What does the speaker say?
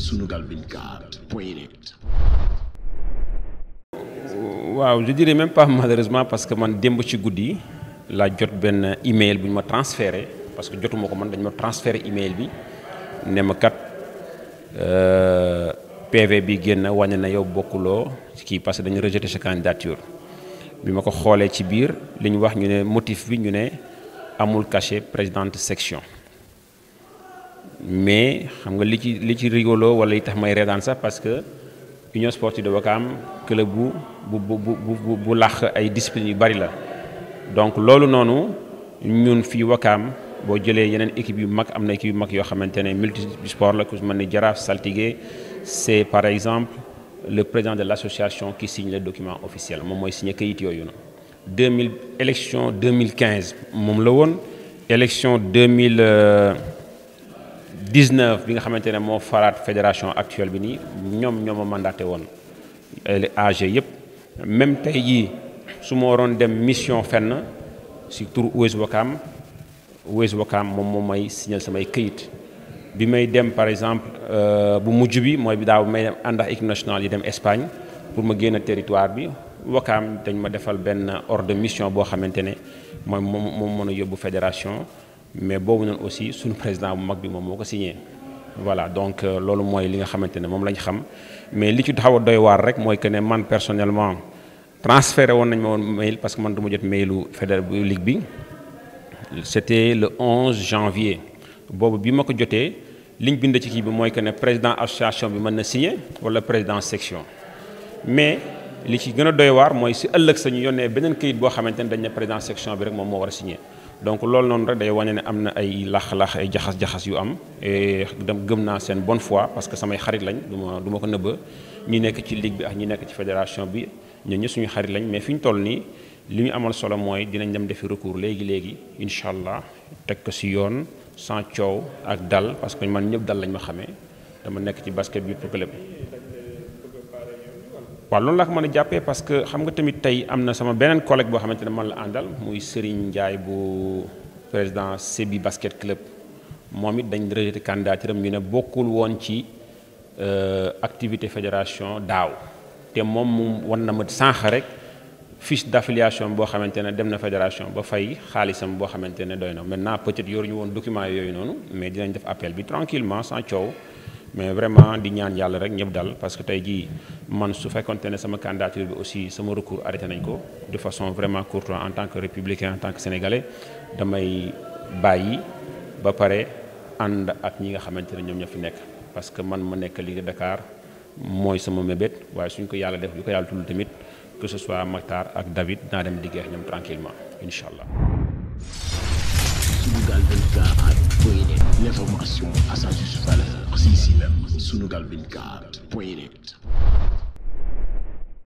Sunugal 24 point net waaw je dirais même pas malheureusement parce que man démb ci guddi laa jot benn email bu ñu ma transféré parce que jotuma ko man dañu ma transféré email bi ne ma kat euh, PV bi génn wàññi na yow bokkuloo kii parce que dañu rejeté sa candidature bi ma ko xoolee ci biir li ñu wax ñu ne motif bi ñu ne. amul cachet présidente section mais xam nga li ci li ci rigolo wala li tax may reetaan sax parce que union sportive de Wakaam club bu bu bu bu bu lax ay discipline yu bari la donc loolu noonu ñun fii Wakaam boo jëlee yeneen équipe yu mag am na équipe yu mag yoo xamante ne multi sport la ku mën ni Jaraaf Saltigué c'est par exemple le président de l'association ki signe le document officiel moom mooy signé kayit yooyu noonu deux mille élection deux mille quinze moom la woon élection deux mille euh, dix-neuf bi nga xamante ne moo faraat fédération actuelle bi nii ñoom ñoo ma mandaté woon age yëpp même tey jii su ma waroon dem mission fenn si tur Ouest Ouakam Ouest Ouakam moom moo may signal samay këyit bi may dem par exemple euh, bu mujj bi mooy bi daaw bi may dem ànd ak équipe nationale yi dem Espagne pour ma génn territoire bi wakaam dañ ma defal benn ordre de mission boo xamante ne mooy moom moom mën a yóbbu fédération mais boobu noonu aussi suñu président bu mag bi moom moo ko signé voilà donc euh, loolu mooy li nga xamante ne moom lañ xam mais li ci taxaw a doy waar rek mooy que ne man personnellement transféré woon nañ ma woon mail parce que man du ma jot mailu fédéral bu ligue bi c'était le 11 janvier boobu bi ma ko jotee liñ bind ci kii bi mooy que ne président association bi mën na signé wala président section mais li ci gën doy waar mooy si ëllëg sañu yónnee beneen kayit boo xamante ne dañ ne président section bi rek moom moo war a signé donc loolu noonu rek day wane ne am na ay lax-lax ay jaxas-jaxas yu am dem gëm naa seen bonne fois parce que samay xarit lañ du ma du ma ko nëbba ñi nekk ci ligue bi ak ñi nekk ci fédération bi ñoo ñi suñu xarit lañ mais fi ñu toll nii li ñu amal solo mooy dinañ dem defi recours léegi léegi incha allah teg ko si yoon sans ak dal parce que man ñëpp dal lañ ma xamee dama nekk ci basket bi pour waaw loolu laa ko mën a jàppee parce que xam nga tamit tey am na sama beneen collègue boo xamante ne man la àndal muy Serigne Ndiaye bu président Sébi basket club moom it dañ rejeté candidature am ñu ne bokkul woon ci euh, activité fédération daaw te moom mu wan na ma sànq rek fiche d'affiliation boo xamante ne dem na fédération ba fay xaalisam boo xamante ne doy na maintenant peut-être yoruñu woon document yooyu noonu mais dinañ def appel bi tranquillement sans coow mais vraiment di ñaan yàlla rek ñëpp dal parce que tey jii man su fekkonte ne sama candidature bi aussi sama recours arrêté nañ ko de façon vraiment courtois en tant que républicain en tant que sénégalais damay bàyyi ba pare ànd ak ñi nga xamante ne ñoom ñoo fi nekk parce que man ma nekk lii Dakar mooy sama mébét waaye suñ ko yàlla def lu ko yàlla tudd tamit que ce soit Mactar ak David naa dem liggéey ak ñoom tranquillement incha allah. Sunugal 24 point net l'information sunugal24.net